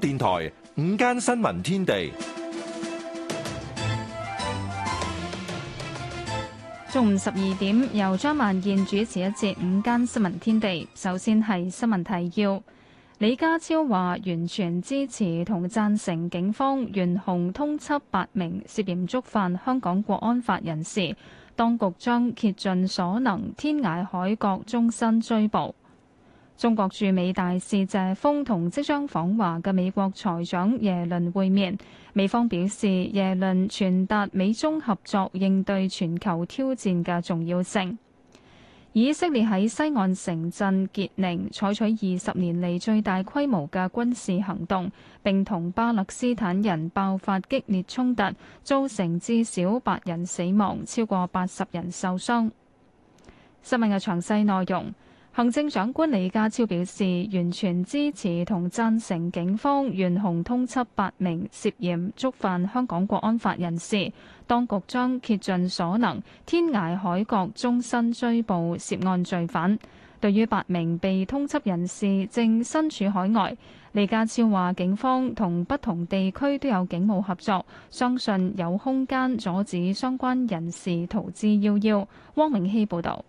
電台午間新聞天地，中午十二點由張曼燕主持一節午間新聞天地。首先係新聞提要，李家超話完全支持同贊成警方懸紅通緝八名涉嫌觸犯香港國安法人士，當局將竭盡所能天涯海角終身追捕。中國駐美大使謝鋒同即將訪華嘅美國財長耶倫會面，美方表示耶倫傳達美中合作應對全球挑戰嘅重要性。以色列喺西岸城鎮傑寧採取二十年嚟最大規模嘅軍事行動，並同巴勒斯坦人爆發激烈衝突，造成至少八人死亡，超過八十人受傷。新聞嘅詳細內容。行政長官李家超表示，完全支持同贊成警方懸紅通緝八名涉嫌觸犯香港國安法人士，當局將竭盡所能，天涯海角終身追捕涉案罪犯。對於八名被通緝人士正身處海外，李家超話警方同不同地區都有警務合作，相信有空間阻止相關人士逃之夭夭。汪明希報導。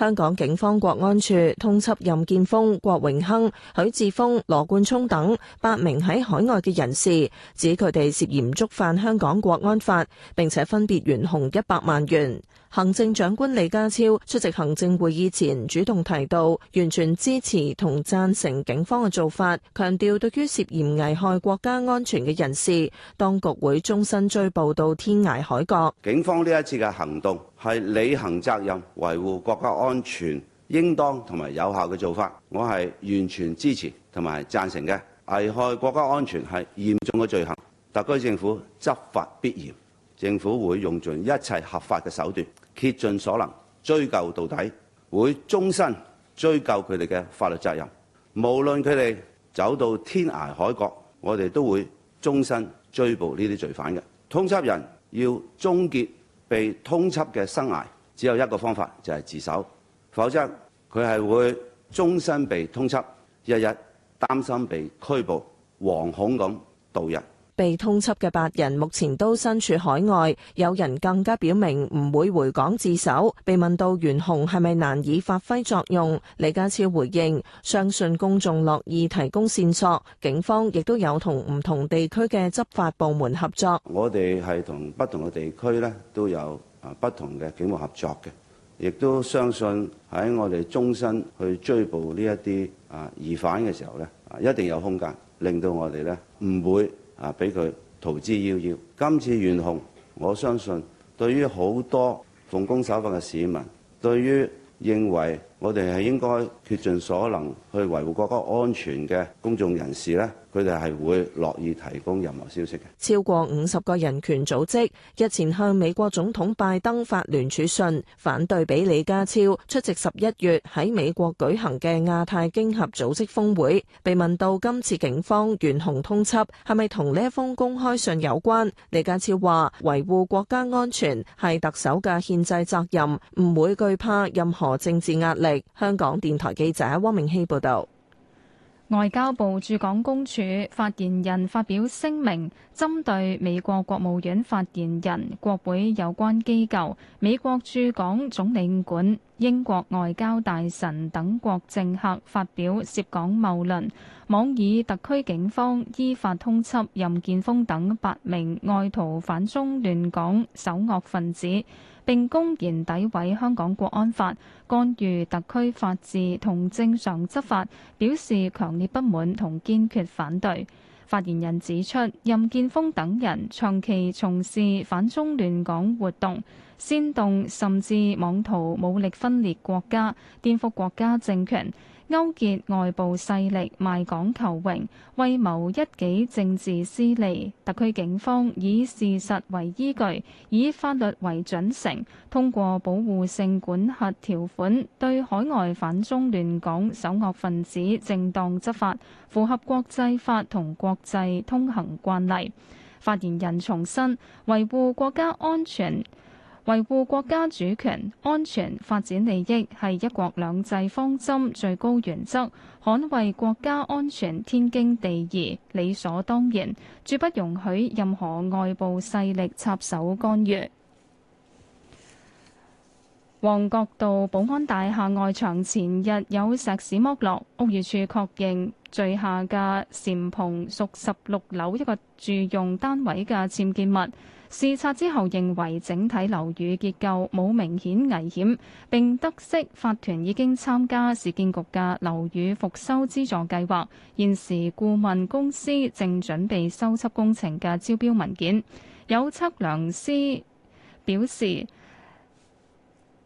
香港警方國安處通緝任建峰、郭榮鏗、許智峯、羅冠聰等八名喺海外嘅人士，指佢哋涉嫌觸犯香港國安法，並且分別懸紅一百萬元。行政長官李家超出席行政會議前主動提到，完全支持同贊成警方嘅做法，強調對於涉嫌危害國家安全嘅人士，當局會終身追捕到天涯海角。警方呢一次嘅行動係履行責任、維護國家安全，應當同埋有效嘅做法，我係完全支持同埋贊成嘅。危害國家安全係嚴重嘅罪行，特區政府執法必嚴。政府會用盡一切合法嘅手段，竭盡所能追究到底，會終身追究佢哋嘅法律責任。無論佢哋走到天涯海角，我哋都會終身追捕呢啲罪犯嘅通緝人。要終結被通緝嘅生涯，只有一個方法就係自首，否則佢係會終身被通緝，日日擔心被拘捕，惶恐咁度日。被通緝嘅八人目前都身處海外，有人更加表明唔會回港自首。被問到懸紅係咪難以發揮作用，李家超回應：相信公眾樂意提供線索，警方亦都有同唔同地區嘅執法部門合作。我哋係同不同嘅地區咧都有啊不同嘅警務合作嘅，亦都相信喺我哋終身去追捕呢一啲啊疑犯嘅時候咧啊，一定有空間令到我哋咧唔會。啊！俾佢逃之夭夭。今次援紅，我相信對於好多奉公守法嘅市民，對於認為我哋係應該竭盡所能去維護國家安全嘅公眾人士呢，佢哋係會樂意提供任何消息嘅。超過五十個人權組織日前向美國總統拜登發聯署信，反對俾李家超出席十一月喺美國舉行嘅亞太經合組織峰會。被問到今次警方懸紅通緝係咪同呢一封公開信有關，李家超話：維護國家安全係特首嘅憲制責任，唔會懼怕任何政治壓力。香港電台記者汪明熙報導。外交部駐港公署發言人發表聲明，針對美國國務院發言人、國會有關機構、美國駐港總領館、英國外交大臣等國政客發表涉港謬論，妄議特區警方依法通緝任建峰等八名外逃反中亂港首惡分子，並公然詆毀香港國安法、干預特區法治同正常執法，表示強烈不滿同堅決反對。發言人指出，任建峰等人長期從事反中亂港活動。煽動甚至妄圖武力分裂國家、顛覆國家政權、勾結外部勢力賣港求榮，為謀一己政治私利。特區警方以事實為依據，以法律為準繩，通過保護性管轄條款對海外反中亂港首惡分子正當執法，符合國際法同國際通行慣例。發言人重申，維護國家安全。維護國家主權、安全、發展利益係一國兩制方針最高原則，捍衛國家安全天經地義、理所當然，絕不容許任何外部勢力插手干預。旺角道保安大廈外牆前日有石屎剝落，屋宇署確認最下嘅簷篷屬十六樓一個住用單位嘅僭建物。視察之後認為整體樓宇結構冇明顯危險，並得悉法團已經參加市建局嘅樓宇復修資助計劃，現時顧問公司正準備修葺工程嘅招標文件。有測量師表示，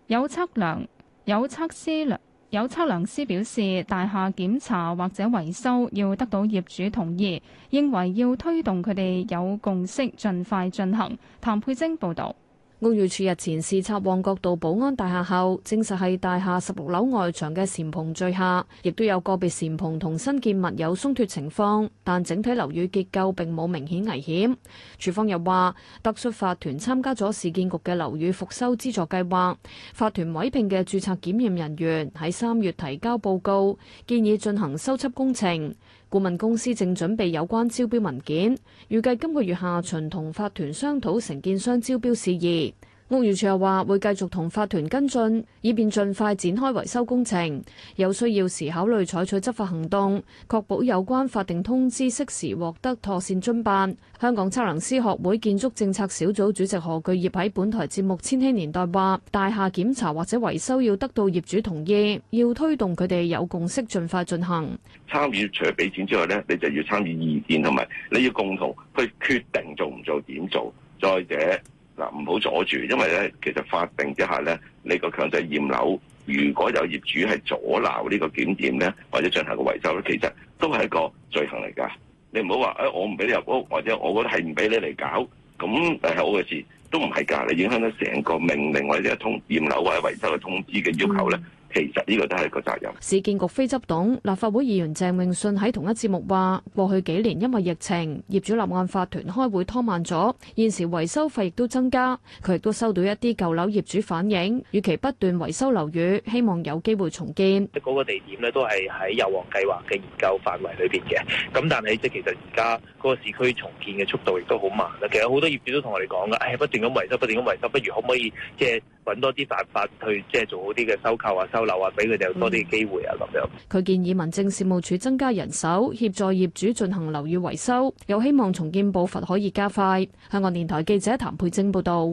有測量，有測量。有測量師表示，大廈檢查或者維修要得到業主同意，認為要推動佢哋有共識，盡快進行。譚佩晶報導。屋宇署日前視察旺角道保安大廈後，證實係大廈十六樓外牆嘅檐篷墜下，亦都有個別檐篷同新建物有鬆脫情況，但整體樓宇結構並冇明顯危險。署方又話，特殊法團參加咗市建局嘅樓宇復修資助計劃，法團委聘嘅註冊檢驗人員喺三月提交報告，建議進行修葺工程。顧問公司正準備有關招標文件，預計今個月下旬同法團商討承建商招標事宜。屋宇署又話會繼續同法團跟進，以便盡快展開維修工程。有需要時考慮採取執法行動，確保有關法定通知適時獲得妥善遵辦。香港測量師學會建築政策小組主席何巨業喺本台節目《千禧年代》話：大廈檢查或者維修要得到業主同意，要推動佢哋有共識，盡快進行。參與除咗俾錢之外呢，你就要參與意見同埋你要共同去決定，做唔做，點做。再者。嗱，唔好阻住，因為咧，其實法定之下咧，你個強制驗樓，如果有業主係阻撓呢個檢驗咧，或者進行個維修咧，其實都係一個罪行嚟㗎。你唔好話，誒、哎，我唔俾你入屋，或者我覺得係唔俾你嚟搞，咁誒係好嘅事，都唔係㗎，你影響到成個命令或者啲通驗樓或者維修嘅通知嘅要求咧。其實呢個都係一個責任。市建局非執董、立法會議員鄭泳舜喺同一節目話，過去幾年因為疫情，業主立案法團開會拖慢咗，現時維修費亦都增加。佢亦都收到一啲舊樓業主反映，與其不斷維修樓宇，希望有機會重建。即係嗰個地點咧，都係喺油旺計劃嘅研究範圍裏邊嘅。咁但係即係其實而家嗰個市區重建嘅速度亦都好慢啦。其實好多業主都同我哋講噶，誒不斷咁維修，不斷咁維修，不如可唔可以即係揾多啲辦法去即係做好啲嘅收購啊收留啊，俾佢哋多啲機會啊咁樣。佢建議民政事務處增加人手，協助業主進行樓宇維修。有希望重建步伐可以加快。香港電台記者譚佩晶報道。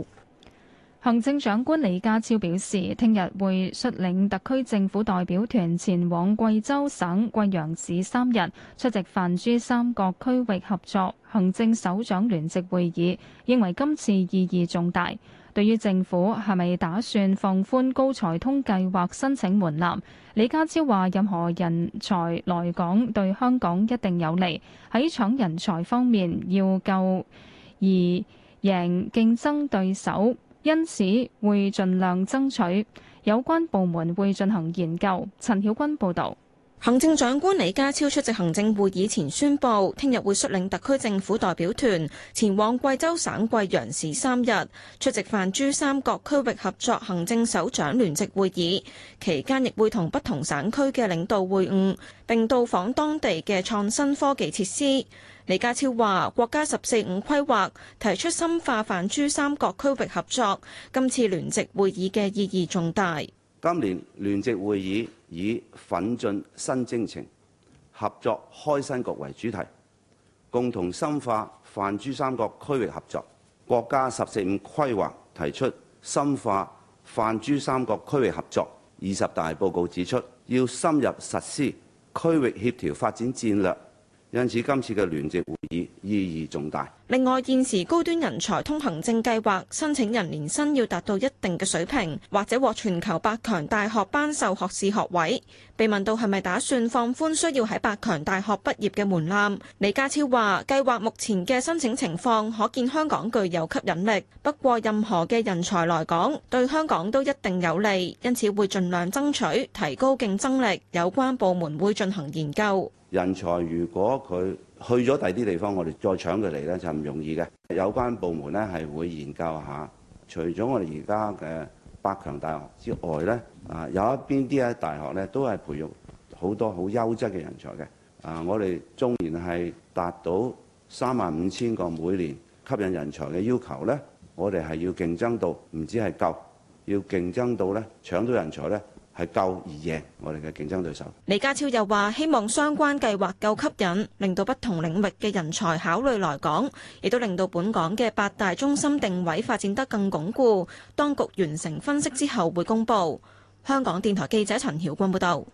行政長官李家超表示，聽日會率領特區政府代表團前往貴州省貴陽市三日，出席泛珠三角區域合作行政首長聯席會議，認為今次意義重大。對於政府係咪打算放寬高才通計劃申請門檻？李家超話：任何人才來港對香港一定有利，喺搶人才方面要夠而贏競爭對手，因此會盡量爭取，有關部門會進行研究。陳曉君報導。行政長官李家超出席行政會議前宣布，聽日會率領特區政府代表團前往貴州省貴陽市三日，出席泛珠三角區域合作行政首長聯席會議，期間亦會同不同省區嘅領導會晤，並到訪當地嘅創新科技設施。李家超話，國家十四五規劃提出深化泛珠三角區域合作，今次聯席會議嘅意義重大。今年聯席會議，以奮進新征程、合作開新局為主題，共同深化泛珠三角區域合作。國家十四五規劃提出深化泛珠三角區域合作。二十大報告指出，要深入實施區域協調發展戰略。因此，今次嘅聯席會議意義重大。另外，現時高端人才通行證計劃申請人年薪要達到一定嘅水平，或者獲全球百強大學頒授學士學位。被問到係咪打算放寬需要喺百強大學畢業嘅門檻，李家超話計劃目前嘅申請情況可見香港具有吸引力。不過任何嘅人才來講對香港都一定有利，因此會盡量爭取提高競爭力。有關部門會進行研究。人才如果佢去咗第啲地方，我哋再搶佢嚟，咧就唔容易嘅。有關部門咧係會研究下，除咗我哋而家嘅百強大學之外咧，啊有一邊啲啊大學咧都係培育好多好優質嘅人才嘅。啊，我哋縱然係達到三萬五千個每年吸引人才嘅要求咧，我哋係要競爭到唔止係夠要競爭到咧搶到人才咧。係夠而嘅。我哋嘅競爭對手。李家超又話：希望相關計劃夠吸引，令到不同領域嘅人才考慮來港，亦都令到本港嘅八大中心定位發展得更鞏固。當局完成分析之後會公布。香港電台記者陳曉君報道。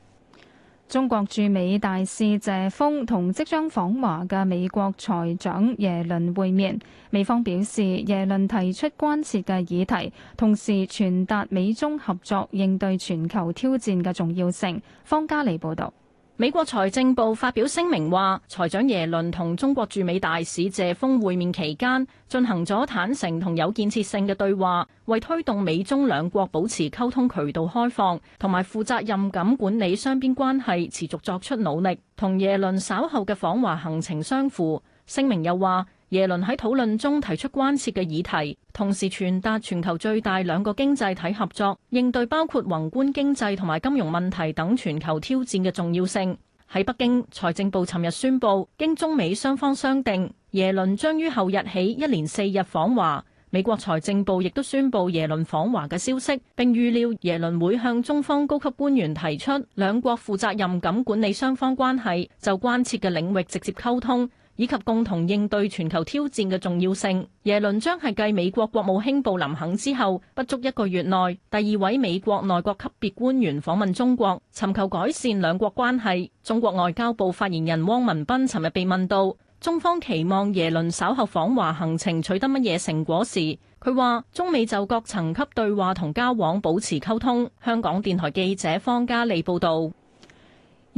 中國駐美大使謝鋒同即將訪華嘅美國財長耶倫會面，美方表示耶倫提出關切嘅議題，同時傳達美中合作應對全球挑戰嘅重要性。方家利報道。美國財政部發表聲明話，財長耶倫同中國駐美大使謝鋒會面期間，進行咗坦誠同有建設性嘅對話，為推動美中兩國保持溝通渠道開放，同埋負責任咁管理雙邊關係，持續作出努力。同耶倫稍後嘅訪華行程相符，聲明又話。耶倫喺討論中提出關切嘅議題，同時傳達全球最大兩個經濟體合作應對包括宏觀經濟同埋金融問題等全球挑戰嘅重要性。喺北京，財政部尋日宣布，經中美雙方商定，耶倫將於後日起一連四日訪華。美國財政部亦都宣布耶倫訪華嘅消息，並預料耶倫會向中方高級官員提出兩國負責任咁管理雙方關係，就關切嘅領域直接溝通，以及共同應對全球挑戰嘅重要性。耶倫將係繼美國國務卿布林肯之後，不足一個月內第二位美國內閣級別官員訪問中國，尋求改善兩國關係。中國外交部發言人汪文斌尋日被問到中方期望耶倫稍後訪華行程取得乜嘢成果時，佢話，中美就各層級對話同交往保持溝通。香港電台記者方嘉莉報道。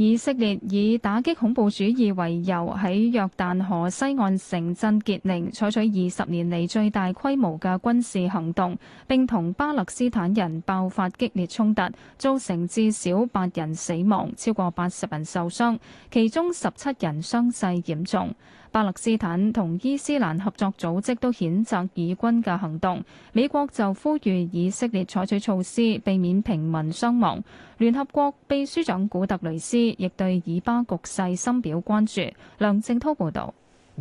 以色列以打擊恐怖主義為由，喺約旦河西岸城鎮傑寧，採取二十年嚟最大規模嘅軍事行動，並同巴勒斯坦人爆發激烈衝突，造成至少八人死亡，超過八十人受傷，其中十七人傷勢嚴重。巴勒斯坦同伊斯蘭合作組織都譴責以軍嘅行動，美國就呼籲以色列採取措施避免平民傷亡。聯合國秘書長古特雷斯亦對以巴局勢深表關注。梁正滔報導。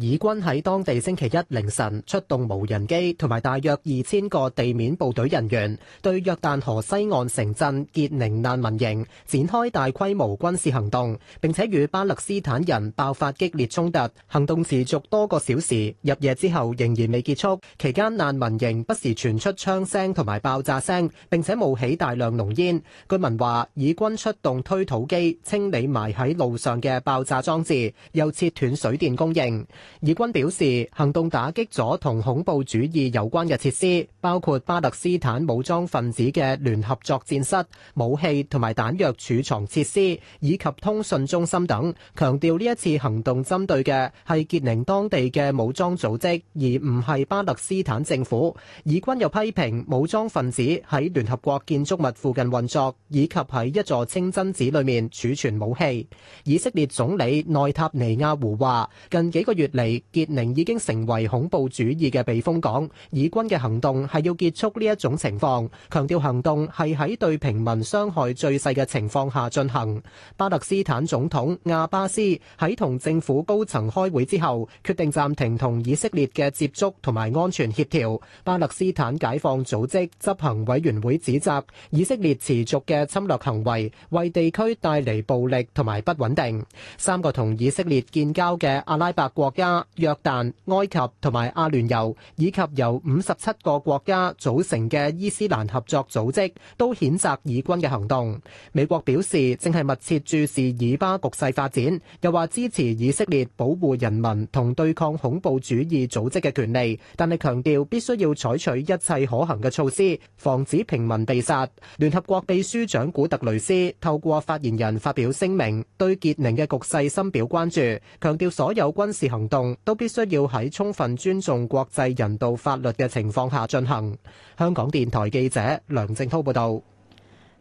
以軍喺當地星期一凌晨出動無人機同埋大約二千個地面部隊人員，對約旦河西岸城鎮傑寧難民營展開大規模軍事行動，並且與巴勒斯坦人爆發激烈衝突。行動持續多個小時，入夜之後仍然未結束。期間難民營不時傳出槍聲同埋爆炸聲，並且冒起大量濃煙。居民話，以軍出動推土機清理埋喺路上嘅爆炸裝置，又切斷水電供應。以軍表示行動打擊咗同恐怖主義有關嘅設施，包括巴勒斯坦武裝分子嘅聯合作戰室、武器同埋彈藥儲藏設施以及通訊中心等。強調呢一次行動針對嘅係傑寧當地嘅武裝組織，而唔係巴勒斯坦政府。以軍又批評武裝分子喺聯合國建築物附近運作，以及喺一座清真寺裏面儲存武器。以色列總理內塔尼亞胡話：近幾個月。嚟，傑寧已經成為恐怖主義嘅避風港，以軍嘅行動係要結束呢一種情況，強調行動係喺對平民傷害最細嘅情況下進行。巴勒斯坦總統亞巴斯喺同政府高層開會之後，決定暫停同以色列嘅接觸同埋安全協調。巴勒斯坦解放組織執行委員會指責以色列持續嘅侵略行為為地區帶嚟暴力同埋不穩定。三個同以色列建交嘅阿拉伯國加、約旦、埃及同埋阿聯酋，以及由五十七個國家組成嘅伊斯蘭合作組織，都譴責以軍嘅行動。美國表示正係密切注視以巴局勢發展，又話支持以色列保護人民同對抗恐怖主義組織嘅權利，但係強調必須要採取一切可行嘅措施，防止平民被殺。聯合國秘書長古特雷斯透過發言人發表聲明，對傑寧嘅局勢深表關注，強調所有軍事行動。動都必須要喺充分尊重國際人道法律嘅情況下進行。香港電台記者梁正濤報道。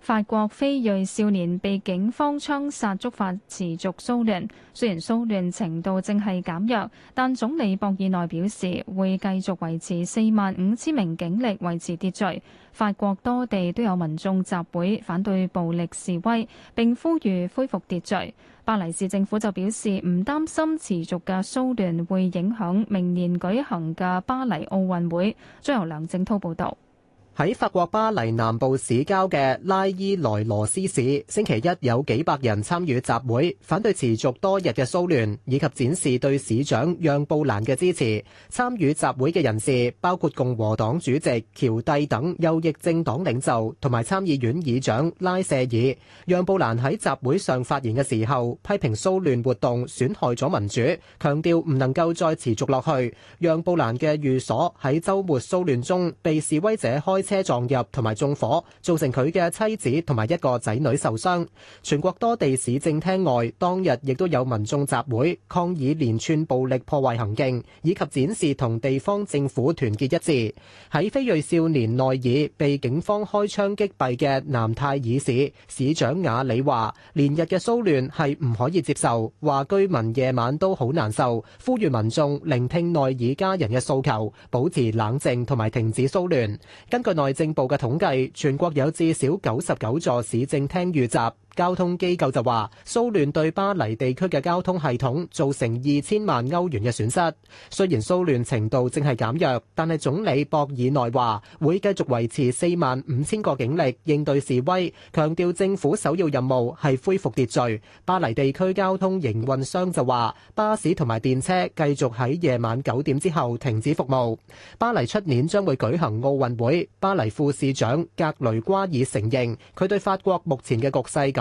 法國非裔少年被警方槍殺，觸發持續騷亂。雖然騷亂程度正係減弱，但總理博爾內表示會繼續維持四萬五千名警力維持秩序。法國多地都有民眾集會反對暴力示威，並呼籲恢復秩序。巴黎市政府就表示唔擔心持續嘅騷亂會影響明年舉行嘅巴黎奧運會。將由梁正濤報道。喺法國巴黎南部市郊嘅拉伊萊羅斯市，星期一有幾百人參與集會，反對持續多日嘅騷亂，以及展示對市長讓布蘭嘅支持。參與集會嘅人士包括共和黨主席喬蒂等右翼政黨領袖，同埋參議院議長拉舍爾。讓布蘭喺集會上發言嘅時候，批評騷亂活動損害咗民主，強調唔能夠再持續落去。讓布蘭嘅寓所喺周末騷亂中被示威者開車撞入同埋縱火，造成佢嘅妻子同埋一個仔女受傷。全國多地市政廳外當日亦都有民眾集會，抗議連串暴力破壞行徑，以及展示同地方政府團結一致。喺非裔少年內爾被警方開槍擊斃嘅南泰爾市市長雅里話，連日嘅騷亂係唔可以接受，話居民夜晚都好難受，呼籲民眾聆聽內爾家人嘅訴求，保持冷靜同埋停止騷亂。根據內政部嘅統計，全國有至少九十九座市政廳遇襲。交通機構就話騷亂對巴黎地區嘅交通系統造成二千萬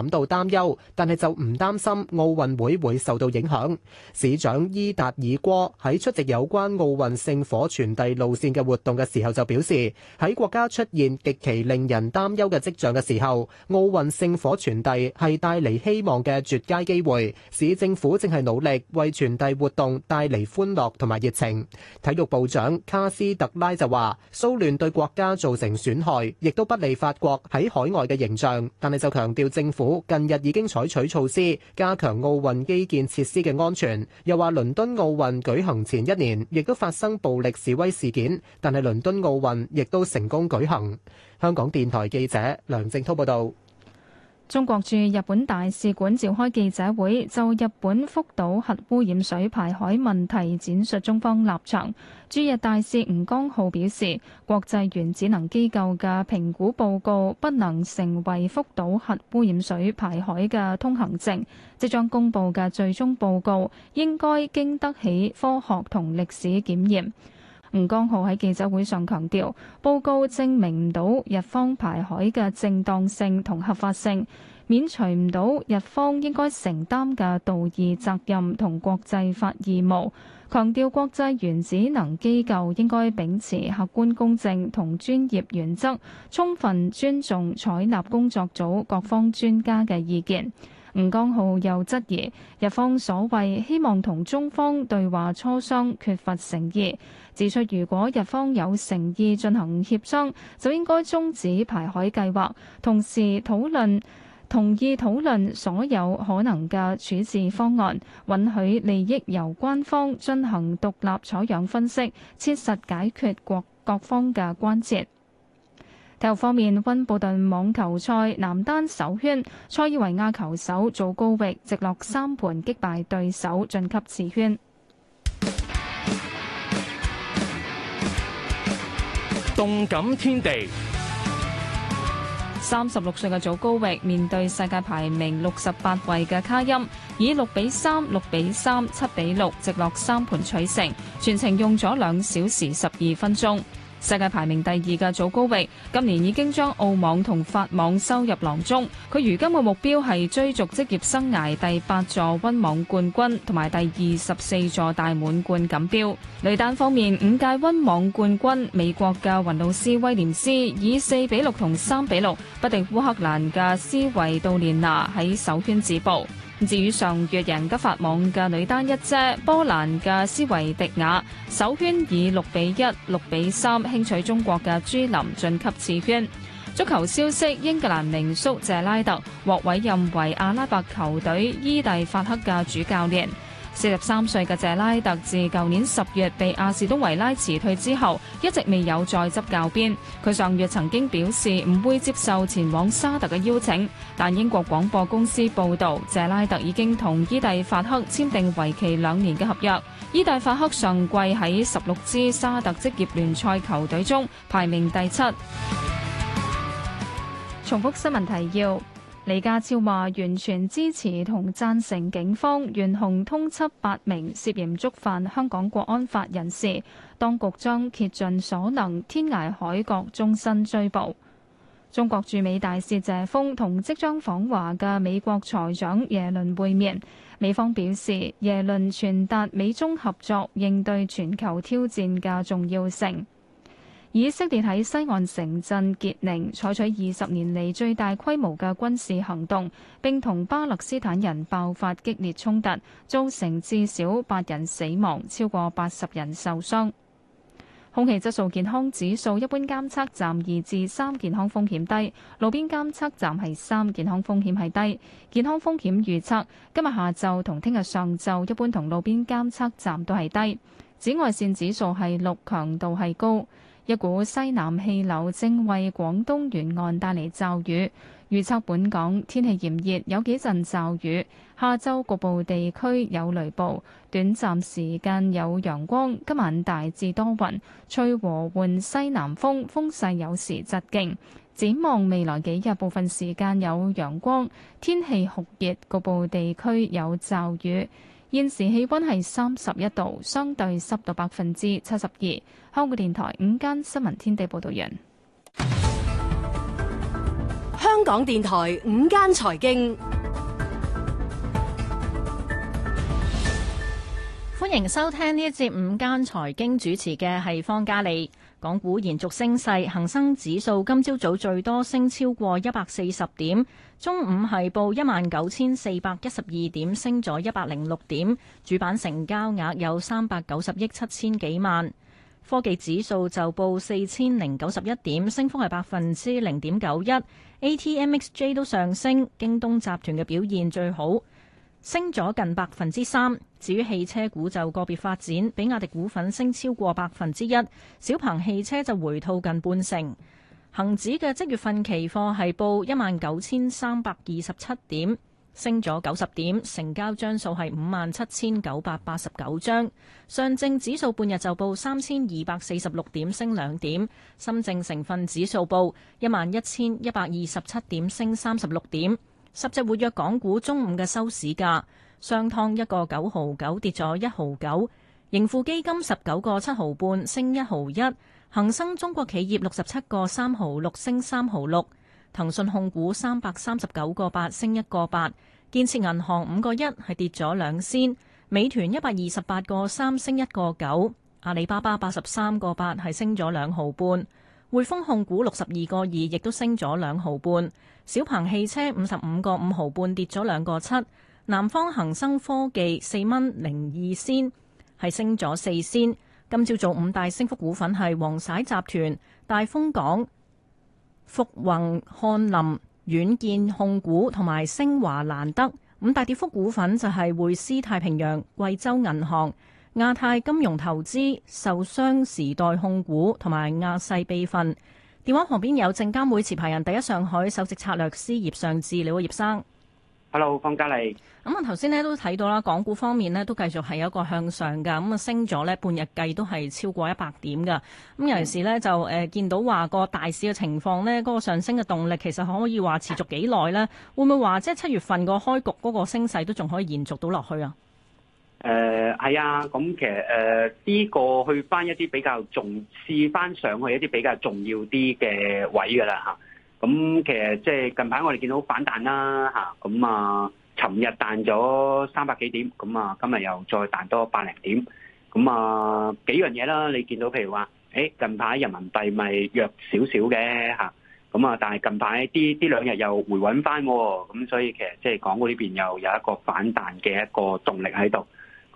度擔憂，但係就唔擔心奧運會會受到影響。市長伊達爾戈喺出席有關奧運聖火傳遞路線嘅活動嘅時候就表示，喺國家出現極其令人擔憂嘅跡象嘅時候，奧運聖火傳遞係帶嚟希望嘅絕佳機會。市政府正係努力為傳遞活動帶嚟歡樂同埋熱情。體育部長卡斯特拉就話，騷亂對國家造成損害，亦都不利法國喺海外嘅形象，但係就強調政府。近日已經採取措施加強奧運基建設施嘅安全，又話倫敦奧運舉行前一年亦都發生暴力示威事件，但係倫敦奧運亦都成功舉行。香港電台記者梁靜滔報道。中國駐日本大使館召開記者會，就日本福島核污染水排海問題展述中方立場。駐日大使吳江浩表示，國際原子能機構嘅評估報告不能成為福島核污染水排海嘅通行證。即將公布嘅最終報告應該經得起科學同歷史檢驗。吳江浩喺記者會上強調，報告證明唔到日方排海嘅正當性同合法性，免除唔到日方應該承擔嘅道義責任同國際法義務。強調國際原子能機構應該秉持客觀公正同專業原則，充分尊重採納工作組各方專家嘅意見。吳江浩又質疑，日方所謂希望同中方對話磋商缺乏誠意。指出，如果日方有誠意進行協商，就應該終止排海計劃，同時討論，同意討論所有可能嘅處置方案，允許利益攸關方進行獨立採樣分析，切實解決各各方嘅關切。體育方面，溫布頓網球賽男單首圈，塞爾維亞球手祖高域直落三盤擊敗對手，晉級次圈。動感天地，三十六歲嘅祖高域面對世界排名六十八位嘅卡音，以六比三、六比三、七比六直落三盤取勝，全程用咗兩小時十二分鐘。世界排名第二嘅祖高域，今年已經將澳網同法網收入囊中。佢如今嘅目標係追逐職業生涯第八座溫網冠軍同埋第二十四座大滿貫錦標。女單方面，五屆溫網冠軍美國嘅雲露斯威廉斯以四比六同三比六不敵烏克蘭嘅斯維杜連娜，喺首圈止步。至於上月贏得法網嘅女單一姐波蘭嘅斯維迪亞，首圈以六比一、六比三輕取中國嘅朱琳，晉級次圈。足球消息，英格蘭名宿謝拉特獲委任為阿拉伯球隊伊蒂法克嘅主教練。四十三歲嘅謝拉特自舊年十月被阿士東維拉辭退之後，一直未有再執教鞭。佢上月曾經表示唔會接受前往沙特嘅邀請，但英國廣播公司報導，謝拉特已經同伊蒂法克簽訂為期兩年嘅合約。伊蒂法克上季喺十六支沙特職業聯賽球隊中排名第七。重複新聞提要。李家超話：完全支持同贊成警方懸紅通緝八名涉嫌觸犯香港國安法人士，當局將竭盡所能天涯海角終身追捕。中國駐美大使謝鋒同即將訪華嘅美國財長耶倫會面，美方表示耶倫傳達美中合作應對全球挑戰嘅重要性。以色列喺西岸城鎮傑寧採取二十年嚟最大規模嘅軍事行動，並同巴勒斯坦人爆發激烈衝突，造成至少八人死亡，超過八十人受傷。空氣質素健康指數一般監測站二至三，健康風險低；路邊監測站係三，健康風險係低。健康風險預測今日下晝同聽日上晝一般同路邊監測站都係低。紫外線指數係六，強度係高。一股西南氣流正為廣東沿岸帶嚟驟雨，預測本港天氣炎熱，有幾陣驟雨，下周局部地區有雷暴，短暫時間有陽光。今晚大致多雲，吹和緩西南風，風勢有時陣勁。展望未來幾日，部分時間有陽光，天氣酷熱，局部地區有驟雨。現時氣溫係三十一度，相對濕度百分之七十二。香港電台午間新聞天地報道員，香港電台午間財經，歡迎收聽呢一節午間財經主持嘅係方嘉莉。港股延續升勢，恒生指數今朝早最多升超過一百四十點，中午係報一萬九千四百一十二點，升咗一百零六點。主板成交額有三百九十億七千幾萬。科技指數就報四千零九十一點，升幅係百分之零點九一。ATMXJ 都上升，京東集團嘅表現最好。升咗近百分之三，至於汽車股就個別發展，比亞迪股份升超過百分之一，小鵬汽車就回吐近半成。恒指嘅即月份期貨係報一萬九千三百二十七點，升咗九十點，成交張數係五萬七千九百八十九張。上證指數半日就報三千二百四十六點，升兩點。深證成分指數報一萬一千一百二十七點，升三十六點。十隻活躍港股中午嘅收市價，商湯一個九毫九跌咗一毫九，盈富基金十九個七毫半升一毫一，恒生中國企業六十七個三毫六升三毫六，騰訊控股三百三十九個八升一個八，建設銀行五個一係跌咗兩先，美團一百二十八個三升一個九，阿里巴巴八十三個八係升咗兩毫半。匯豐控股六十二個二，亦都升咗兩毫半。小鵬汽車五十五個五毫半，跌咗兩個七。南方恒生科技四蚊零二仙，係升咗四仙。今朝早五大升幅股份係黃璽集團、大豐港、復宏漢霖軟件控股同埋星華蘭德。五大跌幅股份就係匯師太平洋、貴州銀行。亞太金融投資、受商時代控股同埋亞世備份。電話旁邊有證監會持牌人、第一上海首席策略師葉尚志，你好，葉生。Hello，方嘉麗。咁啊，頭先呢都睇到啦，港股方面呢都繼續係有一個向上噶，咁啊升咗呢半日計都係超過一百點噶。咁尤其是咧就誒見到話個大市嘅情況呢，嗰個上升嘅動力其實可以話持續幾耐呢？會唔會話即係七月份個開局嗰個升勢都仲可以延續到落去啊？誒係、呃、啊，咁、嗯、其實誒呢、呃這個去翻一啲比較重，試翻上去一啲比較重要啲嘅位㗎啦嚇。咁、啊、其實即係近排我哋見到反彈啦嚇，咁啊，尋日彈咗三百幾點，咁啊今日又再彈多百零點，咁啊幾樣嘢啦。你見到譬如話，誒、欸、近排人民幣咪弱少少嘅嚇，咁啊但係近排啲呢兩日又回穩翻喎，咁、啊、所以其實即係港股呢邊又有一個反彈嘅一個動力喺度。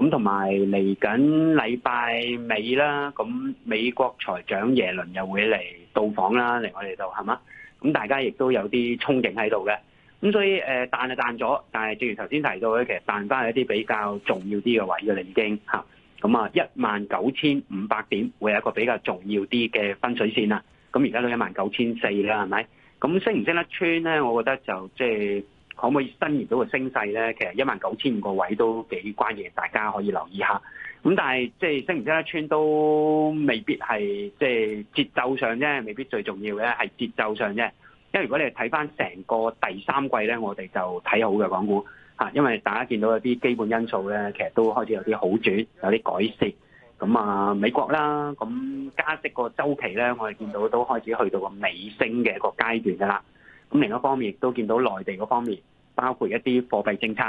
咁同埋嚟緊禮拜尾啦，咁美國財長耶倫又會嚟到訪啦，嚟我哋度係嘛？咁大家亦都有啲憧憬喺度嘅。咁所以誒、呃，彈就彈咗，但係正如頭先提到咧，其實彈翻係一啲比較重要啲嘅位嘅啦，你已經嚇。咁啊，一萬九千五百點會有一個比較重要啲嘅分水線啦。咁而家都一萬九千四啦，係咪？咁升唔升得穿咧？我覺得就即係。就是可唔可以伸延到個升勢咧？其實一萬九千五個位都幾關鍵，大家可以留意下。咁但係即係升唔升得穿都未必係即係節奏上啫，未必最重要嘅係節奏上啫。因為如果你係睇翻成個第三季咧，我哋就睇好嘅港股吓，因為大家見到有啲基本因素咧，其實都開始有啲好轉，有啲改善。咁啊，美國啦，咁加息個週期咧，我哋見到都開始去到個尾聲嘅一個階段㗎啦。咁另一方面亦都見到內地嗰方面，包括一啲貨幣政策、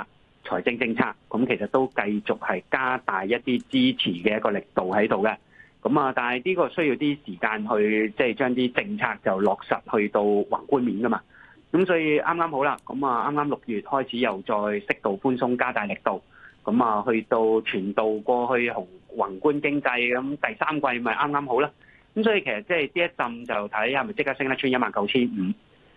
財政政策，咁其實都繼續係加大一啲支持嘅一個力度喺度嘅。咁啊，但係呢個需要啲時間去，即係將啲政策就落實去到宏觀面㗎嘛。咁所以啱啱好啦，咁啊啱啱六月開始又再適度寬鬆加大力度，咁啊去到傳導過去宏宏觀經濟，咁第三季咪啱啱好啦。咁所以其實即係呢一浸就睇係咪即刻升得穿一萬九千五。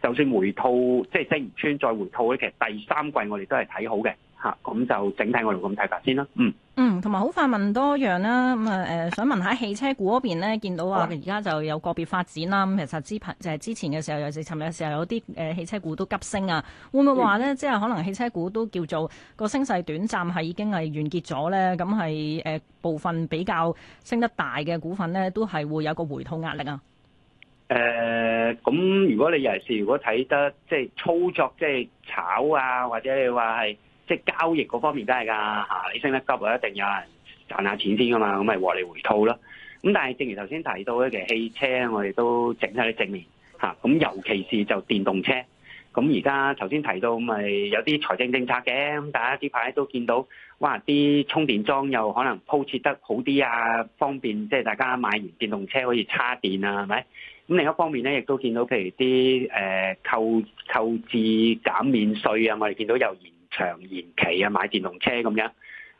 就算回吐，即係升唔穿再回吐，咧，其實第三季我哋都係睇好嘅，吓、啊、咁就整體我哋咁睇法先啦。嗯，嗯，同埋好快問多樣啦，咁啊誒，想問下汽車股嗰邊咧，見到話而家就有個別發展啦。咁其實之平就係之前嘅時候，尤其係尋日嘅時候有啲誒汽車股都急升啊。會唔會話咧，嗯、即係可能汽車股都叫做個升勢短暫係已經係完結咗咧？咁係誒部分比較升得大嘅股份咧，都係會有個回吐壓力啊？誒，咁、呃、如果你尤其是如果睇得即係操作，即係炒啊，或者你話係即係交易嗰方面都係噶吓，你升得急啊，一定有人賺下錢先噶嘛，咁咪獲利回吐咯。咁但係正如頭先提到咧，其實汽車我哋都整晒啲正面吓，咁、啊、尤其是就電動車。咁而家頭先提到咪、嗯、有啲財政政策嘅，咁、嗯、大家呢排都見到，哇，啲充電樁又可能鋪設得好啲啊，方便即係大家買完電動車可以叉電啊，係咪？咁另一方面咧，亦都見到譬如啲誒購購置減免稅啊，我哋見到又延長延期啊，買電動車咁樣。咁、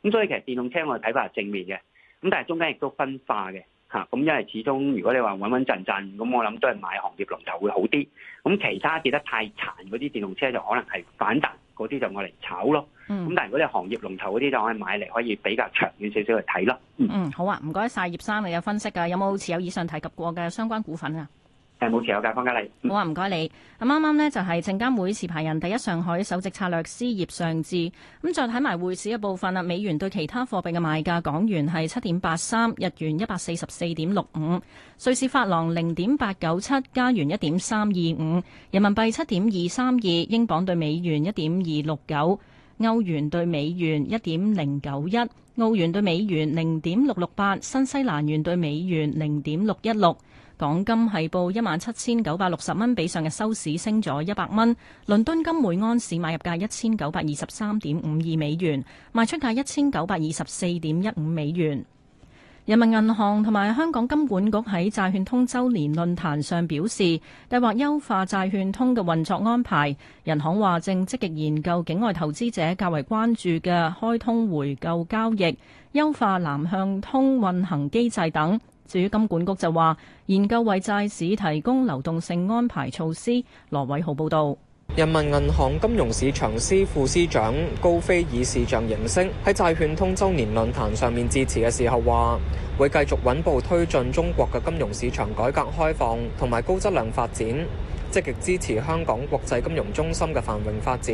嗯、所以其實電動車我哋睇法係正面嘅。咁但係中間亦都分化嘅嚇。咁、啊、因為始終如果你話穩穩陣陣，咁、嗯、我諗都係買行業龍頭會好啲。咁、嗯、其他跌得太殘嗰啲電動車就可能係反彈。嗰啲就我嚟炒咯，嗯，咁但係如果啲行業龍頭嗰啲就可以買嚟可以比較長遠少少嚟睇咯，嗯，好啊，唔該晒葉生你嘅分析啊，有冇好似有以上提及過嘅相關股份啊？冇持有㗎，方家利，好啊，唔該你。咁啱啱呢就係證監會持牌人第一上海首席策略師葉尚志。咁再睇埋匯市嘅部分啦，美元對其他貨幣嘅賣價，港元係七點八三，日元一百四十四點六五，瑞士法郎零點八九七，加元一點三二五，人民幣七點二三二，英鎊對美元一點二六九，歐元對美元一點零九一，澳元對美元零點六六八，新西蘭元對美元零點六一六。港金係報一萬七千九百六十蚊，比上日收市升咗一百蚊。倫敦金每安士買入價一千九百二十三點五二美元，賣出價一千九百二十四點一五美元。人民銀行同埋香港金管局喺債券通周年論壇上表示，計劃優化債券通嘅運作安排。人行話正積極研究境外投資者較為關注嘅開通回購交易、優化南向通運行機制等。至於金管局就話研究為債市提供流動性安排措施。羅偉豪報道。人民銀行金融市場司副司長高飛以視像形式喺債券通周年論壇上面致辭嘅時候話，會繼續穩步推進中國嘅金融市場改革開放同埋高質量發展，積極支持香港國際金融中心嘅繁榮發展。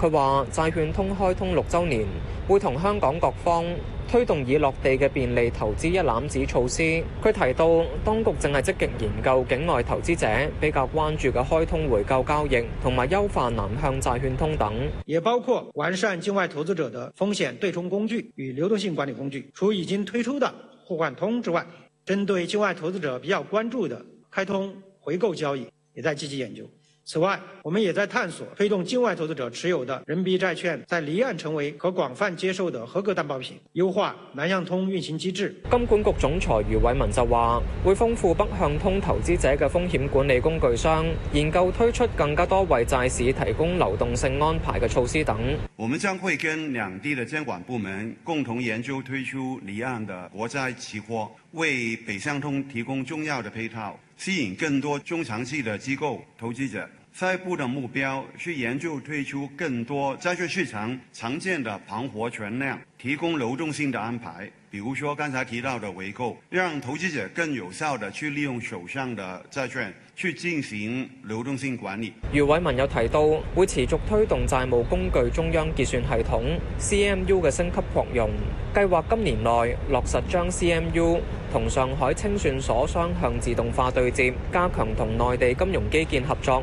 佢話債券通開通六週年，會同香港各方推動已落地嘅便利投資一攬子措施。佢提到當局正係積極研究境外投資者比較關注嘅開通回購交易同埋優化南向債券通等，也包括完善境外投資者嘅風險對沖工具與流動性管理工具。除已經推出的互換通之外，針對境外投資者比較關注的開通回購交易，也在積極研究。此外，我們也在探索推動境外投資者持有的人民幣債券在離岸成為可廣泛接受的合格擔保品，優化南向通運行機制。金管局總裁余偉文就話：會豐富北向通投資者嘅風險管理工具箱，研究推出更加多為債市提供流動性安排嘅措施等。我們將會跟兩地的監管部門共同研究推出離岸的國債期貨。為北向通提供重要的配套，吸引更多中長期的機構投資者。下一步的目標是研究推出更多債券市場常見的盤活存量，提供流動性的安排，比如說，剛才提到的回購，讓投資者更有效地去利用手上的債券去進行流動性管理。余偉文有提到會持續推動債務工具中央結算系統 C M U 嘅升級擴容，計劃今年內落實將 C M U 同上海清算所雙向自動化對接，加強同內地金融基建合作。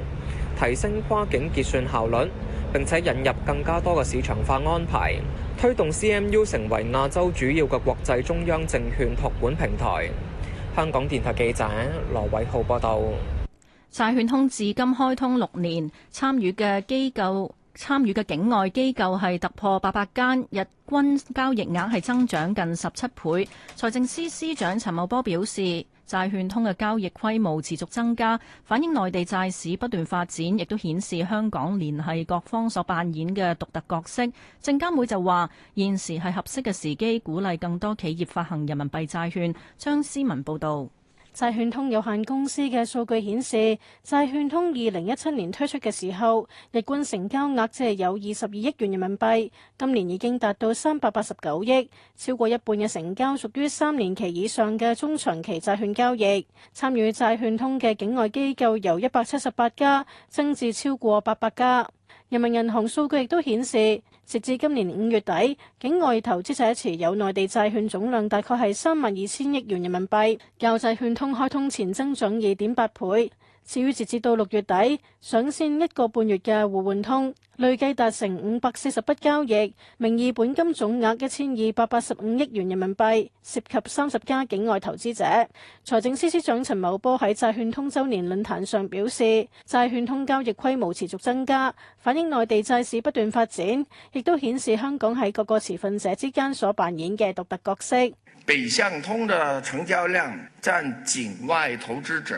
提升跨境結算效率，並且引入更加多嘅市場化安排，推動 C M U 成為亞洲主要嘅國際中央證券託管平台。香港電台記者羅偉浩報道。債券通至今開通六年，參與嘅機構參與嘅境外機構係突破八百間，日均交易額係增長近十七倍。財政司司長陳茂波表示。債券通嘅交易規模持續增加，反映內地債市不斷發展，亦都顯示香港聯繫各方所扮演嘅獨特角色。證監會就話，現時係合適嘅時機，鼓勵更多企業發行人民幣債券。張思文報導。債券通有限公司嘅數據顯示，債券通二零一七年推出嘅時候，日均成交額只係有二十二億元人民幣，今年已經達到三百八十九億，超過一半嘅成交屬於三年期以上嘅中長期債券交易。參與債券通嘅境外機構由一百七十八家增至超過八百家。人民銀行數據亦都顯示。直至今年五月底，境外投資者持有內地債券總量大概係三萬二千億元人民幣，較債券通開通前增長二點八倍。至於截至到六月底，上線一個半月嘅互換通累計達成五百四十筆交易，名義本金總額一千二百八十五億元人民幣，涉及三十家境外投資者。財政司司長陳茂波喺債券通周年論壇上表示，債券通交易規模持續增加，反映內地債市不斷發展，亦都顯示香港喺各個持份者之間所扮演嘅獨特角色。北向通嘅成交量佔境外投資者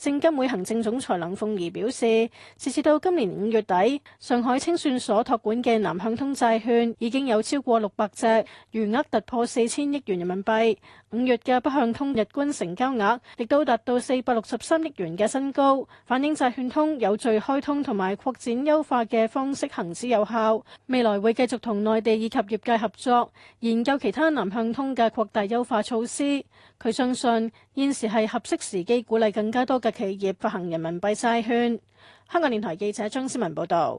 證監會行政總裁冷鳳儀表示，截至到今年五月底，上海清算所託管嘅南向通債券已經有超過六百隻，餘額突破四千億元人民幣。五月嘅北向通日均成交額亦都達到四百六十三億元嘅新高，反映債券通有序開通同埋擴展優化嘅方式行之有效。未來會繼續同內地以及業界合作，研究其他南向通嘅擴大優化措施。佢相信現時係合適時機，鼓勵更加多嘅企業發行人民幣債券。香港電台記者張思文報道。